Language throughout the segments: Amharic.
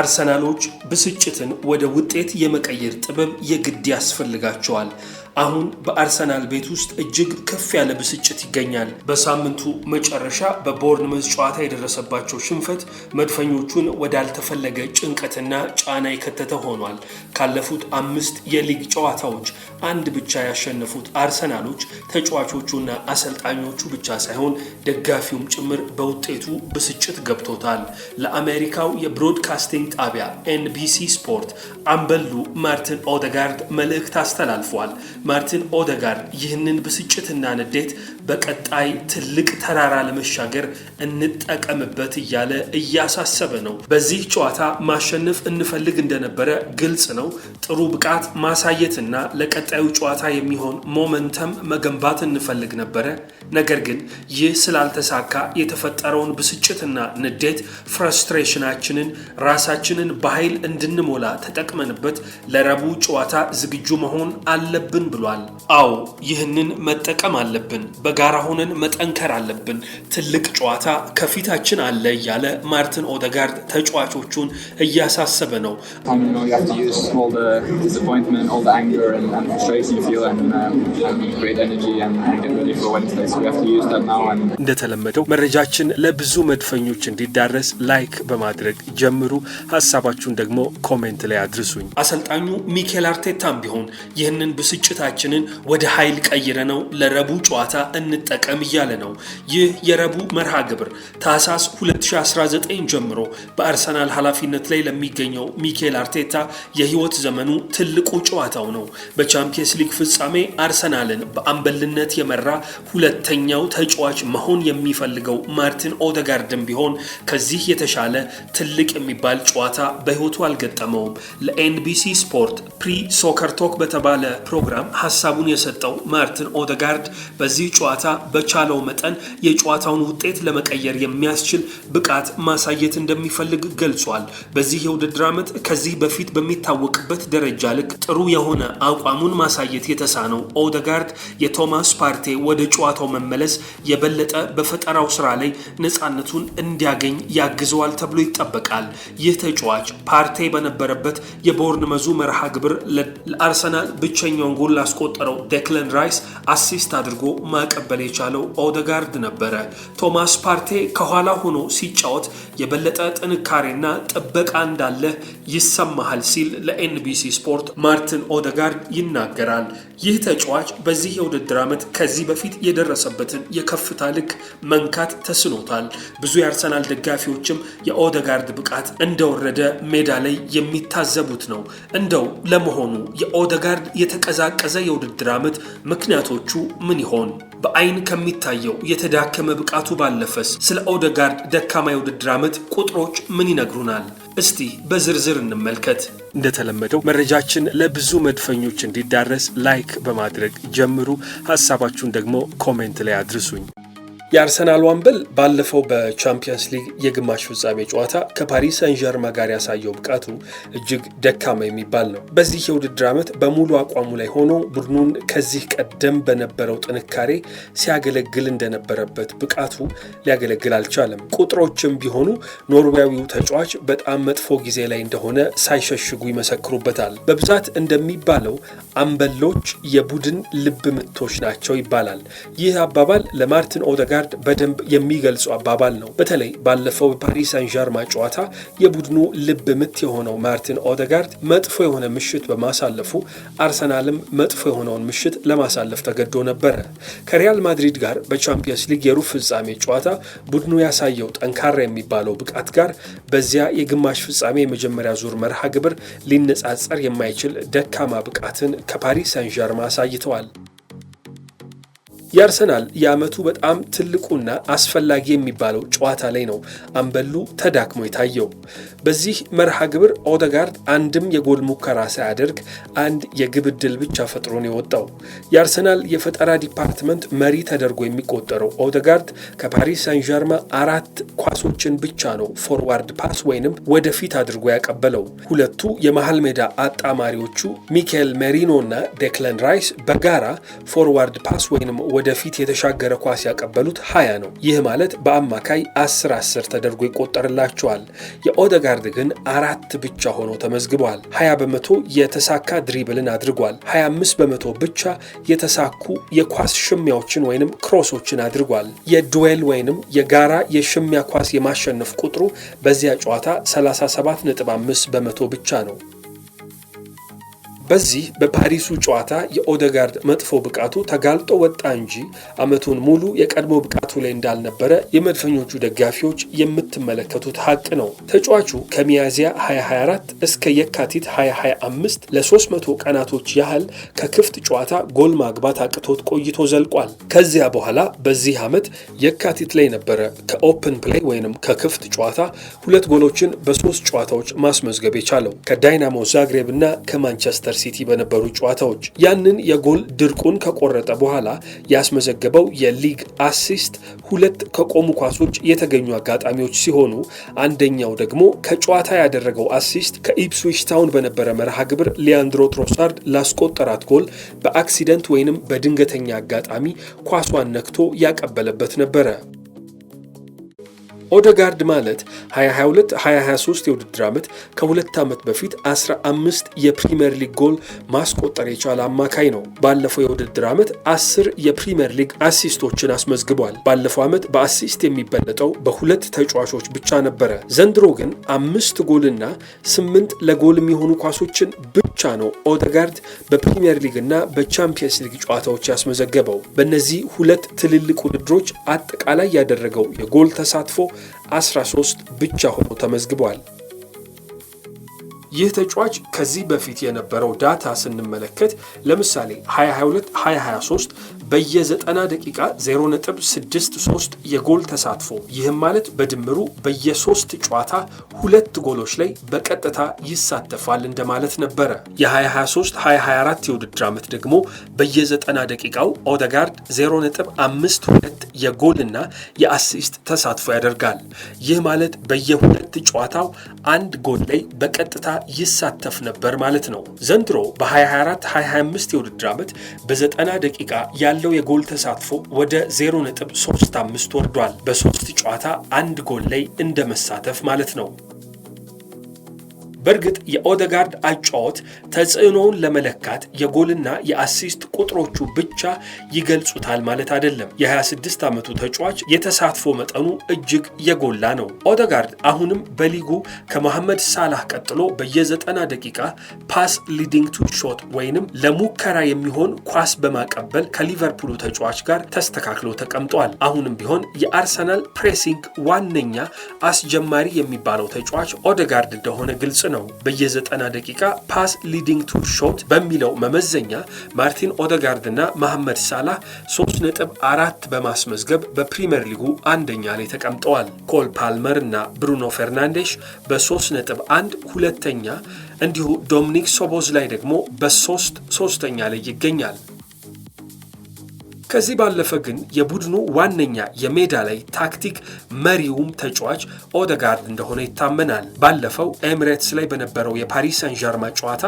አርሰናሎች ብስጭትን ወደ ውጤት የመቀየር ጥበብ የግድ ያስፈልጋቸዋል። አሁን በአርሰናል ቤት ውስጥ እጅግ ከፍ ያለ ብስጭት ይገኛል። በሳምንቱ መጨረሻ በቦርንመዝ ጨዋታ የደረሰባቸው ሽንፈት መድፈኞቹን ወዳልተፈለገ ጭንቀትና ጫና የከተተ ሆኗል። ካለፉት አምስት የሊግ ጨዋታዎች አንድ ብቻ ያሸነፉት አርሰናሎች ተጫዋቾቹና አሰልጣኞቹ ብቻ ሳይሆን ደጋፊውም ጭምር በውጤቱ ብስጭት ገብቶታል። ለአሜሪካው የብሮድካስቲንግ ጣቢያ ኤንቢሲ ስፖርት አምበሉ ማርቲን ኦደጋርድ መልእክት አስተላልፏል። ማርቲን ኦደጋርድ ይህንን ብስጭትና ንዴት በቀጣይ ትልቅ ተራራ ለመሻገር እንጠቀምበት እያለ እያሳሰበ ነው። በዚህ ጨዋታ ማሸነፍ እንፈልግ እንደነበረ ግልጽ ነው። ጥሩ ብቃት ማሳየትና ለቀጣዩ ጨዋታ የሚሆን ሞመንተም መገንባት እንፈልግ ነበረ። ነገር ግን ይህ ስላልተሳካ የተፈጠረውን ብስጭትና ንዴት ፍራስትሬሽናችንን ራሳችንን በኃይል እንድንሞላ ተጠቅመንበት ለረቡ ጨዋታ ዝግጁ መሆን አለብን ብሏል። አዎ ይህንን መጠቀም አለብን። በጋራ ሆነን መጠንከር አለብን። ትልቅ ጨዋታ ከፊታችን አለ እያለ ማርቲን ኦደጋርድ ተጫዋቾቹን እያሳሰበ ነው። um, እንደተለመደው መረጃችን ለብዙ መድፈኞች እንዲዳረስ ላይክ በማድረግ ጀምሩ። ሀሳባችሁን ደግሞ ኮሜንት ላይ አድርሱኝ። አሰልጣኙ ሚኬል አርቴታም ቢሆን ይህንን ብስጭት ውጤታችንን ወደ ኃይል ቀይረ ነው ለረቡ ጨዋታ እንጠቀም እያለ ነው። ይህ የረቡ መርሃ ግብር ታህሳስ 2019 ጀምሮ በአርሰናል ኃላፊነት ላይ ለሚገኘው ሚኬል አርቴታ የህይወት ዘመኑ ትልቁ ጨዋታው ነው። በቻምፒየንስ ሊግ ፍጻሜ አርሰናልን በአምበልነት የመራ ሁለተኛው ተጫዋች መሆን የሚፈልገው ማርቲን ኦደጋርድን ቢሆን ከዚህ የተሻለ ትልቅ የሚባል ጨዋታ በህይወቱ አልገጠመውም። ለኤንቢሲ ስፖርት ፕሪ ሶከር ቶክ በተባለ ፕሮግራም ሀሳቡን የሰጠው ማርትን ኦደጋርድ በዚህ ጨዋታ በቻለው መጠን የጨዋታውን ውጤት ለመቀየር የሚያስችል ብቃት ማሳየት እንደሚፈልግ ገልጿል። በዚህ የውድድር ዓመት ከዚህ በፊት በሚታወቅበት ደረጃ ልክ ጥሩ የሆነ አቋሙን ማሳየት የተሳነው ኦደጋርድ የቶማስ ፓርቴ ወደ ጨዋታው መመለስ የበለጠ በፈጠራው ስራ ላይ ነፃነቱን እንዲያገኝ ያግዘዋል ተብሎ ይጠበቃል። ይህ ተጫዋች ፓርቴ በነበረበት የቦርንመዙ መርሃ ግብር ለአርሰናል ብቸኛውን ጎል ያስቆጠረው ዴክለን ራይስ አሲስት አድርጎ ማቀበል የቻለው ኦደጋርድ ነበረ። ቶማስ ፓርቴ ከኋላ ሆኖ ሲጫወት የበለጠ ጥንካሬና ጥበቃ እንዳለ ይሰማሃል ሲል ለኤንቢሲ ስፖርት ማርትን ኦደጋርድ ይናገራል። ይህ ተጫዋች በዚህ የውድድር ዓመት ከዚህ በፊት የደረሰበትን የከፍታ ልክ መንካት ተስኖታል። ብዙ የአርሰናል ደጋፊዎችም የኦደጋርድ ብቃት እንደወረደ ሜዳ ላይ የሚታዘቡት ነው። እንደው ለመሆኑ የኦደጋርድ የተቀዛቀ ለቀዘቀዘ የውድድር ዓመት ምክንያቶቹ ምን ይሆን? በአይን ከሚታየው የተዳከመ ብቃቱ ባለፈስ ስለ ኦደጋርድ ደካማ የውድድር ዓመት ቁጥሮች ምን ይነግሩናል? እስቲ በዝርዝር እንመልከት። እንደተለመደው መረጃችን ለብዙ መድፈኞች እንዲዳረስ ላይክ በማድረግ ጀምሩ። ሀሳባችሁን ደግሞ ኮሜንት ላይ አድርሱኝ። የአርሰናል ዋንበል ባለፈው በቻምፒየንስ ሊግ የግማሽ ፍጻሜ ጨዋታ ከፓሪስ ሰን ዠርማ ጋር ያሳየው ብቃቱ እጅግ ደካማ የሚባል ነው። በዚህ የውድድር ዓመት በሙሉ አቋሙ ላይ ሆኖ ቡድኑን ከዚህ ቀደም በነበረው ጥንካሬ ሲያገለግል እንደነበረበት ብቃቱ ሊያገለግል አልቻለም። ቁጥሮችም ቢሆኑ ኖርዌያዊው ተጫዋች በጣም መጥፎ ጊዜ ላይ እንደሆነ ሳይሸሽጉ ይመሰክሩበታል። በብዛት እንደሚባለው አምበሎች የቡድን ልብ ምቶች ናቸው ይባላል። ይህ አባባል ለማርቲን ኦደጋ ኦደጋርድ በደንብ የሚገልጹ አባባል ነው። በተለይ ባለፈው በፓሪስ ሳን ዣርማ ጨዋታ የቡድኑ ልብ ምት የሆነው ማርቲን ኦደጋርድ መጥፎ የሆነ ምሽት በማሳለፉ አርሰናልም መጥፎ የሆነውን ምሽት ለማሳለፍ ተገዶ ነበረ። ከሪያል ማድሪድ ጋር በቻምፒየንስ ሊግ የሩብ ፍጻሜ ጨዋታ ቡድኑ ያሳየው ጠንካራ የሚባለው ብቃት ጋር በዚያ የግማሽ ፍጻሜ የመጀመሪያ ዙር መርሃ ግብር ሊነጻጸር የማይችል ደካማ ብቃትን ከፓሪስ ሳን ዣርማ አሳይተዋል። የአርሰናል የዓመቱ በጣም ትልቁና አስፈላጊ የሚባለው ጨዋታ ላይ ነው አምበሉ ተዳክሞ የታየው። በዚህ መርሃ ግብር ኦደጋርድ አንድም የጎል ሙከራ ሳያደርግ አንድ የግብ ዕድል ብቻ ፈጥሮ ነው የወጣው። የአርሰናል የፈጠራ ዲፓርትመንት መሪ ተደርጎ የሚቆጠረው ኦደጋርድ ከፓሪስ ሳን ዠርማ አራት ኳሶችን ብቻ ነው ፎርዋርድ ፓስ ወይንም ወደፊት አድርጎ ያቀበለው። ሁለቱ የመሃል ሜዳ አጣማሪዎቹ ሚካኤል ሜሪኖ እና ዴክለን ራይስ በጋራ ፎርዋርድ ፓስ ወይንም ወደፊት የተሻገረ ኳስ ያቀበሉት 20 ነው። ይህ ማለት በአማካይ 10 10 ተደርጎ ይቆጠርላቸዋል። የኦደጋርድ ግን አራት ብቻ ሆኖ ተመዝግቧል። 20 በመቶ የተሳካ ድሪብልን አድርጓል። 25 በመቶ ብቻ የተሳኩ የኳስ ሽሚያዎችን ወይንም ክሮሶችን አድርጓል። የዱዌል ወይንም የጋራ የሽሚያ ኳስ የማሸነፍ ቁጥሩ በዚያ ጨዋታ 37.5 በመቶ ብቻ ነው። በዚህ በፓሪሱ ጨዋታ የኦደጋርድ መጥፎ ብቃቱ ተጋልጦ ወጣ እንጂ ዓመቱን ሙሉ የቀድሞ ብቃቱ ላይ እንዳልነበረ የመድፈኞቹ ደጋፊዎች የምትመለከቱት ሀቅ ነው። ተጫዋቹ ከሚያዝያ 2024 እስከ የካቲት 2025 ለ300 ቀናቶች ያህል ከክፍት ጨዋታ ጎል ማግባት አቅቶት ቆይቶ ዘልቋል። ከዚያ በኋላ በዚህ ዓመት የካቲት ላይ ነበረ ከኦፕን ፕሌይ ወይም ከክፍት ጨዋታ ሁለት ጎሎችን በሶስት ጨዋታዎች ማስመዝገብ የቻለው ከዳይናሞ ዛግሬብ እና ከማንቸስተር በማንቸስተር ሲቲ በነበሩ ጨዋታዎች ያንን የጎል ድርቁን ከቆረጠ በኋላ ያስመዘገበው የሊግ አሲስት ሁለት ከቆሙ ኳሶች የተገኙ አጋጣሚዎች ሲሆኑ አንደኛው ደግሞ ከጨዋታ ያደረገው አሲስት ከኢፕስዊች ታውን በነበረ መርሃ ግብር ሊያንድሮ ትሮሳርድ ላስቆጠራት ጎል በአክሲደንት ወይንም በድንገተኛ አጋጣሚ ኳሷን ነክቶ ያቀበለበት ነበረ። ኦደጋርድ ማለት 2022/2023 የውድድር ዓመት ከሁለት ዓመት በፊት 15 የፕሪምየር ሊግ ጎል ማስቆጠር የቻለ አማካይ ነው። ባለፈው የውድድር ዓመት 10 የፕሪምየር ሊግ አሲስቶችን አስመዝግቧል። ባለፈው ዓመት በአሲስት የሚበለጠው በሁለት ተጫዋቾች ብቻ ነበረ። ዘንድሮ ግን አምስት ጎልና ስምንት ለጎል የሚሆኑ ኳሶችን ብቻ ነው ኦደጋርድ በፕሪምየር ሊግ እና በቻምፒየንስ ሊግ ጨዋታዎች ያስመዘገበው። በእነዚህ ሁለት ትልልቅ ውድድሮች አጠቃላይ ያደረገው የጎል ተሳትፎ 13 ብቻ ሆኖ ተመዝግቧል። ይህ ተጫዋች ከዚህ በፊት የነበረው ዳታ ስንመለከት ለምሳሌ 2022 2023 በየ90 ደቂቃ 0.63 የጎል ተሳትፎ ይህም ማለት በድምሩ በየሶስት ጨዋታ ሁለት ጎሎች ላይ በቀጥታ ይሳተፋል እንደማለት ነበረ። የ2023/2024 የውድድር ዓመት ደግሞ በየ90 ደቂቃው ኦደጋርድ 0.52 የጎልና የአሲስት ተሳትፎ ያደርጋል። ይህ ማለት በየሁለት ጨዋታው አንድ ጎል ላይ በቀጥታ ይሳተፍ ነበር ማለት ነው። ዘንድሮ በ2024/2025 የውድድር ዓመት በ90 ደቂቃ ያለው የጎል ተሳትፎ ወደ 0.35 ወርዷል። በሶስት ጨዋታ አንድ ጎል ላይ እንደ መሳተፍ ማለት ነው። በእርግጥ የኦደጋርድ አጫወት ተጽዕኖውን ለመለካት የጎልና የአሲስት ቁጥሮቹ ብቻ ይገልጹታል ማለት አይደለም። የ26 ዓመቱ ተጫዋች የተሳትፎ መጠኑ እጅግ የጎላ ነው። ኦደጋርድ አሁንም በሊጉ ከመሐመድ ሳላህ ቀጥሎ በየ90 ደቂቃ ፓስ ሊዲንግ ቱ ሾት ወይንም ለሙከራ የሚሆን ኳስ በማቀበል ከሊቨርፑሉ ተጫዋች ጋር ተስተካክሎ ተቀምጧል። አሁንም ቢሆን የአርሰናል ፕሬሲንግ ዋነኛ አስጀማሪ የሚባለው ተጫዋች ኦደጋርድ እንደሆነ ግልጽ ነው። ነው። በየ90 ደቂቃ ፓስ ሊዲንግ ቱ ሾት በሚለው መመዘኛ ማርቲን ኦደጋርድ እና መሐመድ ሳላህ 3.4 በማስመዝገብ በፕሪምየር ሊጉ አንደኛ ላይ ተቀምጠዋል። ኮል ፓልመር እና ብሩኖ ፈርናንዴሽ በ3.1 ሁለተኛ፣ እንዲሁ ዶሚኒክ ሶቦዝ ላይ ደግሞ በ3 ሶስተኛ ላይ ይገኛል። ከዚህ ባለፈ ግን የቡድኑ ዋነኛ የሜዳ ላይ ታክቲክ መሪውም ተጫዋች ኦደጋርድ እንደሆነ ይታመናል። ባለፈው ኤምሬትስ ላይ በነበረው የፓሪስ ሳን ዣርማ ጨዋታ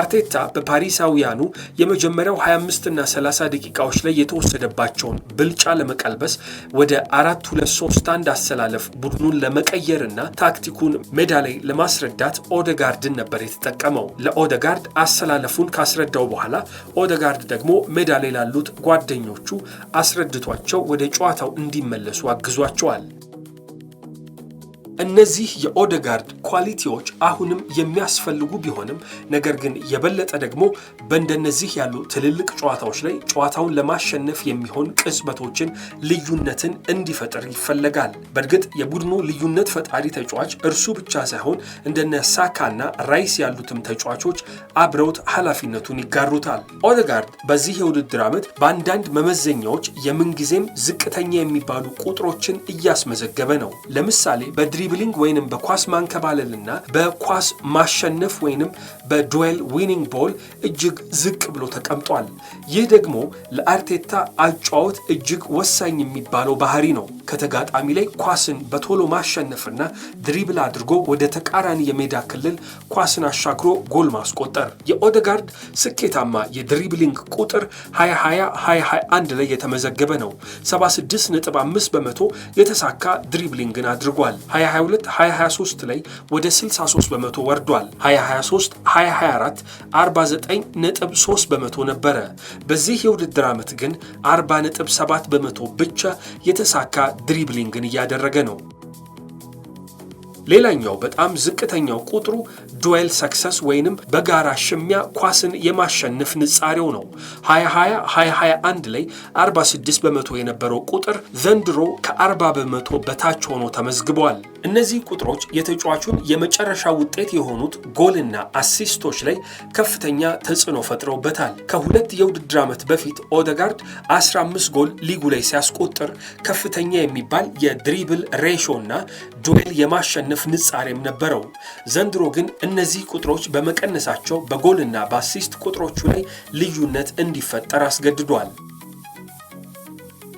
አርቴታ በፓሪሳውያኑ የመጀመሪያው 25ና 30 ደቂቃዎች ላይ የተወሰደባቸውን ብልጫ ለመቀልበስ ወደ 4231 አሰላለፍ ቡድኑን ለመቀየርና ታክቲኩን ሜዳ ላይ ለማስረዳት ኦደጋርድን ነበር የተጠቀመው። ለኦደጋርድ አሰላለፉን ካስረዳው በኋላ ኦደጋርድ ደግሞ ሜዳ ላይ ላሉት ጓደኞች አሰልጣኞቹ አስረድቷቸው ወደ ጨዋታው እንዲመለሱ አግዟቸዋል። እነዚህ የኦደጋርድ ኳሊቲዎች አሁንም የሚያስፈልጉ ቢሆንም ነገር ግን የበለጠ ደግሞ በእንደነዚህ ያሉ ትልልቅ ጨዋታዎች ላይ ጨዋታውን ለማሸነፍ የሚሆን ቅጽበቶችን፣ ልዩነትን እንዲፈጥር ይፈለጋል። በእርግጥ የቡድኑ ልዩነት ፈጣሪ ተጫዋች እርሱ ብቻ ሳይሆን እንደነ ሳካና ራይስ ያሉትም ተጫዋቾች አብረውት ኃላፊነቱን ይጋሩታል። ኦደጋርድ በዚህ የውድድር ዓመት በአንዳንድ መመዘኛዎች የምንጊዜም ዝቅተኛ የሚባሉ ቁጥሮችን እያስመዘገበ ነው። ለምሳሌ በድሪ በድሪብሊንግ ወይንም በኳስ ማንከባለልና በኳስ ማሸነፍ ወይንም በዱዌል ዊኒንግ ቦል እጅግ ዝቅ ብሎ ተቀምጧል። ይህ ደግሞ ለአርቴታ አጫወት እጅግ ወሳኝ የሚባለው ባህሪ ነው። ከተጋጣሚ ላይ ኳስን በቶሎ ማሸነፍና ድሪብል አድርጎ ወደ ተቃራኒ የሜዳ ክልል ኳስን አሻግሮ ጎል ማስቆጠር። የኦደጋርድ ስኬታማ የድሪብሊንግ ቁጥር 2020 2021 ላይ የተመዘገበ ነው። 76.5 በመቶ የተሳካ ድሪብሊንግን አድርጓል። 2022 ላይ ወደ 63 በመቶ ወርዷል። 2023 2024 49.3 በመቶ ነበረ። በዚህ የውድድር ዓመት ግን 40.7 በመቶ ብቻ የተሳካ ድሪብሊንግን እያደረገ ነው። ሌላኛው በጣም ዝቅተኛው ቁጥሩ ዱዌል ሰክሰስ ወይንም በጋራ ሽሚያ ኳስን የማሸንፍ ንጻሬው ነው። 2020 2021 ላይ 46 በመቶ የነበረው ቁጥር ዘንድሮ ከ40 በመቶ በታች ሆኖ ተመዝግቧል። እነዚህ ቁጥሮች የተጫዋቹን የመጨረሻ ውጤት የሆኑት ጎልና አሲስቶች ላይ ከፍተኛ ተጽዕኖ ፈጥረውበታል። ከሁለት የውድድር ዓመት በፊት ኦደጋርድ 15 ጎል ሊጉ ላይ ሲያስቆጥር ከፍተኛ የሚባል የድሪብል ሬሾ እና ዱዌል የማሸነፍ ንጻሬም ነበረው። ዘንድሮ ግን እነዚህ ቁጥሮች በመቀነሳቸው በጎልና በአሲስት ቁጥሮቹ ላይ ልዩነት እንዲፈጠር አስገድዷል።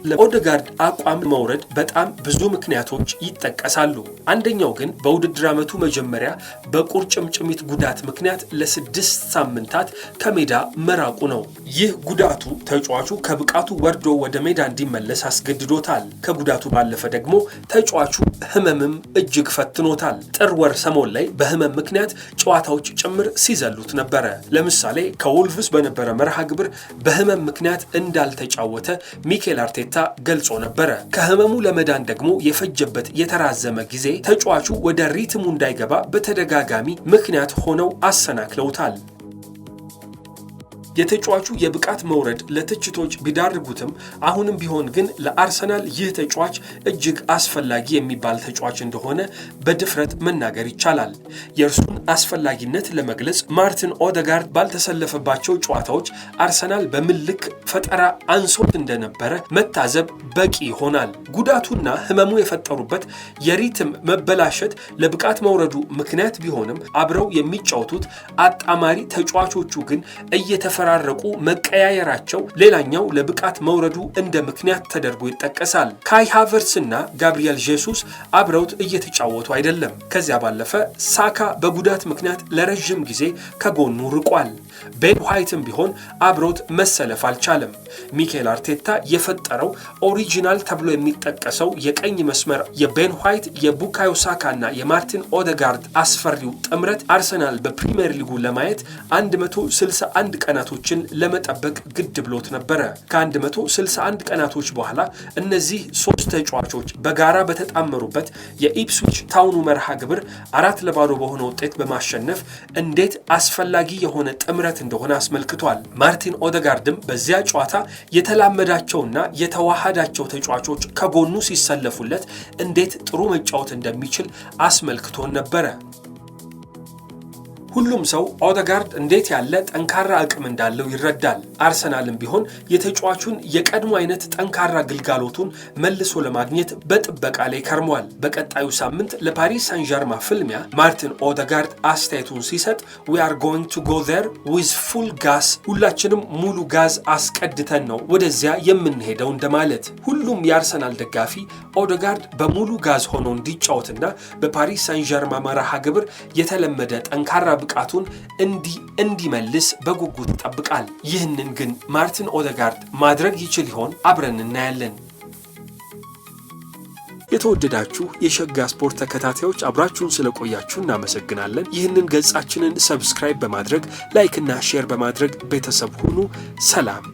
ለኦደጋርድ አቋም መውረድ በጣም ብዙ ምክንያቶች ይጠቀሳሉ። አንደኛው ግን በውድድር ዓመቱ መጀመሪያ በቁርጭምጭሚት ጉዳት ምክንያት ለስድስት ሳምንታት ከሜዳ መራቁ ነው። ይህ ጉዳቱ ተጫዋቹ ከብቃቱ ወርዶ ወደ ሜዳ እንዲመለስ አስገድዶታል። ከጉዳቱ ባለፈ ደግሞ ተጫዋቹ ህመምም እጅግ ፈትኖታል። ጥር ወር ሰሞን ላይ በህመም ምክንያት ጨዋታዎች ጭምር ሲዘሉት ነበረ። ለምሳሌ ከውልቭስ በነበረ መርሃ ግብር በህመም ምክንያት እንዳልተጫወተ ሚኬል አርቴ አርቴታ ገልጾ ነበረ። ከህመሙ ለመዳን ደግሞ የፈጀበት የተራዘመ ጊዜ ተጫዋቹ ወደ ሪትሙ እንዳይገባ በተደጋጋሚ ምክንያት ሆነው አሰናክለውታል። የተጫዋቹ የብቃት መውረድ ለትችቶች ቢዳርጉትም አሁንም ቢሆን ግን ለአርሰናል ይህ ተጫዋች እጅግ አስፈላጊ የሚባል ተጫዋች እንደሆነ በድፍረት መናገር ይቻላል። የእርሱን አስፈላጊነት ለመግለጽ ማርቲን ኦደጋርድ ባልተሰለፈባቸው ጨዋታዎች አርሰናል በምልክ ፈጠራ አንሶት እንደነበረ መታዘብ በቂ ይሆናል። ጉዳቱና ህመሙ የፈጠሩበት የሪትም መበላሸት ለብቃት መውረዱ ምክንያት ቢሆንም አብረው የሚጫወቱት አጣማሪ ተጫዋቾቹ ግን እየተፈራ ሲፈራረቁ መቀያየራቸው ሌላኛው ለብቃት መውረዱ እንደ ምክንያት ተደርጎ ይጠቀሳል። ካይ ሃቨርስ ጋብሪኤል ጄሱስ አብረውት እየተጫወቱ አይደለም። ከዚያ ባለፈ ሳካ በጉዳት ምክንያት ለረዥም ጊዜ ከጎኑ ርቋል። ቤን ዋይትም ቢሆን አብሮት መሰለፍ አልቻለም። ሚኬል አርቴታ የፈጠረው ኦሪጂናል ተብሎ የሚጠቀሰው የቀኝ መስመር የቤን ዋይት የቡካዮ ሳካና የማርቲን ኦደጋርድ አስፈሪው ጥምረት አርሰናል በፕሪምየር ሊጉ ለማየት 161 ቀናቶችን ለመጠበቅ ግድ ብሎት ነበረ። ከ161 ቀናቶች በኋላ እነዚህ ሶስት ተጫዋቾች በጋራ በተጣመሩበት የኢፕስዊች ታውኑ መርሃ ግብር አራት ለባዶ በሆነ ውጤት በማሸነፍ እንዴት አስፈላጊ የሆነ ጥምረት መሰረት እንደሆነ አስመልክቷል። ማርቲን ኦደጋርድም በዚያ ጨዋታ የተላመዳቸውና የተዋሃዳቸው ተጫዋቾች ከጎኑ ሲሰለፉለት እንዴት ጥሩ መጫወት እንደሚችል አስመልክቶን ነበረ። ሁሉም ሰው ኦደጋርድ እንዴት ያለ ጠንካራ አቅም እንዳለው ይረዳል። አርሰናልም ቢሆን የተጫዋቹን የቀድሞ አይነት ጠንካራ ግልጋሎቱን መልሶ ለማግኘት በጥበቃ ላይ ከርሟል። በቀጣዩ ሳምንት ለፓሪስ ሳን ዣርማ ፍልሚያ ማርቲን ኦደጋርድ አስተያየቱን ሲሰጥ ዊ አር ጎይንግ ቱ ጎ ዜር ዊዝ ፉል ጋስ፣ ሁላችንም ሙሉ ጋዝ አስቀድተን ነው ወደዚያ የምንሄደው እንደማለት። ሁሉም የአርሰናል ደጋፊ ኦደጋርድ በሙሉ ጋዝ ሆኖ እንዲጫወትና በፓሪስ ሳን ዣርማ መርሃ ግብር የተለመደ ጠንካራ ብቃቱን እንዲመልስ በጉጉት ይጠብቃል። ይህንን ግን ማርቲን ኦደጋርድ ማድረግ ይችል ይሆን? አብረን እናያለን። የተወደዳችሁ የሸጋ ስፖርት ተከታታዮች አብራችሁን ስለቆያችሁ እናመሰግናለን። ይህንን ገጻችንን ሰብስክራይብ በማድረግ ላይክና ሼር በማድረግ ቤተሰብ ሁኑ። ሰላም